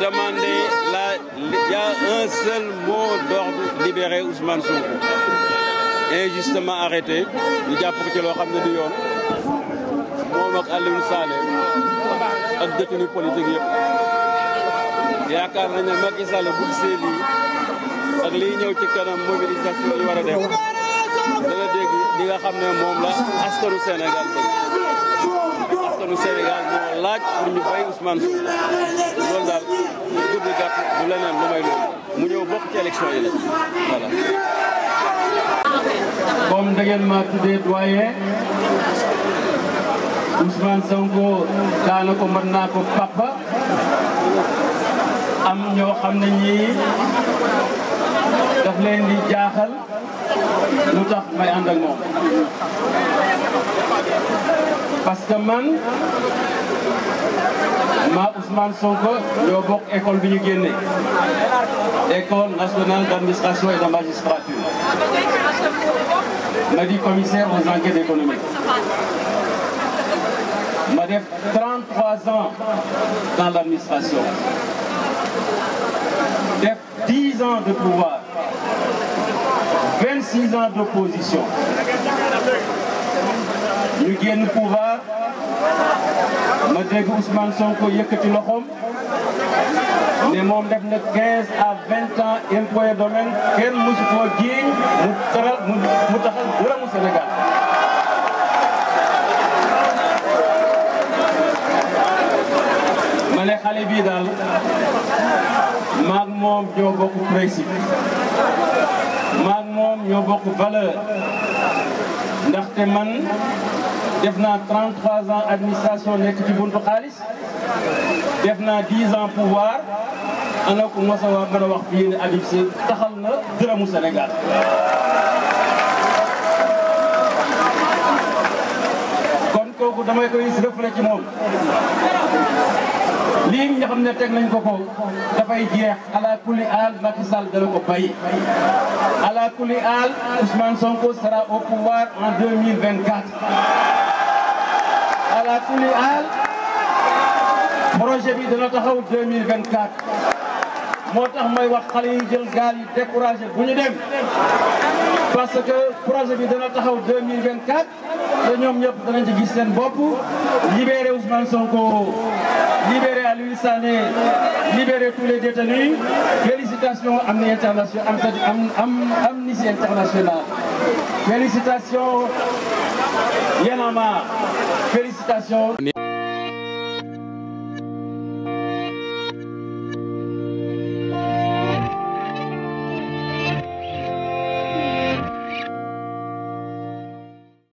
demandé la, il y a un seul mot d'ordre libérer Ousmane Sonko injustement arrêté ñu jàpp ko ci loo xam ne du yoon moom ak Aliou Sané ak détenu politique yëpp yaakaar nañ ne Macky Sall bu gisee lii ak liy ñëw ci kanam mobilisation yi war dégg li nga xam ne moom la askanu Sénégal askanu Sénégal laaj pour ñu bàyyi Ousmane Sonko loolu daal mu ñëw bokk ci élection mën naa ko papa am ñoo xam ne ñii daf leen di jaaxal lu tax may ànd ak moom parce que maa Ousmane Sonko ñoo bokk école bi ñu génne école nationale d'administration et de magistrature ma di commissaire aux enquêtes économiques ma def 33 ans dans l'administration def ans de pouvoir 26 ans d'opposition ñu pouvoir ma dégg Ousmane Sonko yëkkati loxoom ne moom def na 15 à 20 ans impôts domaine kenn mosu koo jiiñ mu taxal mu taxal dërëmu Sénégal. ma ne xale bii daal maag moom ñoo bokk principe maag moom ñoo bokk valeur ndaxte man. def naa 33 ans administration nekk ci buntu xaalis def naa 10 ans pouvoir ana ko mos a war mën a wax fii ne Habib Sy taxal na dërëmu Sénégal. kon kooku damay koy reflet ci moom. lii nga xam ne teg nañ ko ko dafay jeex ala kulli aal Macky Sall dana ko bàyyi ala kulli aal Ousmane Sonko sera au pouvoir en ala kulli al projet bi dana taxaw 2024 moo tax may wax xale yi jël gaal yi découragé bu ñu dem parce que projet bi dana taxaw 2024 te ñoom ñëpp danañ ci gis seen bopp libérer Ousmane Sonko libérer Aliou Sané libérer tous les détenus félicitations Amnesty International Amnesty International félicitations Y'en Félicitations.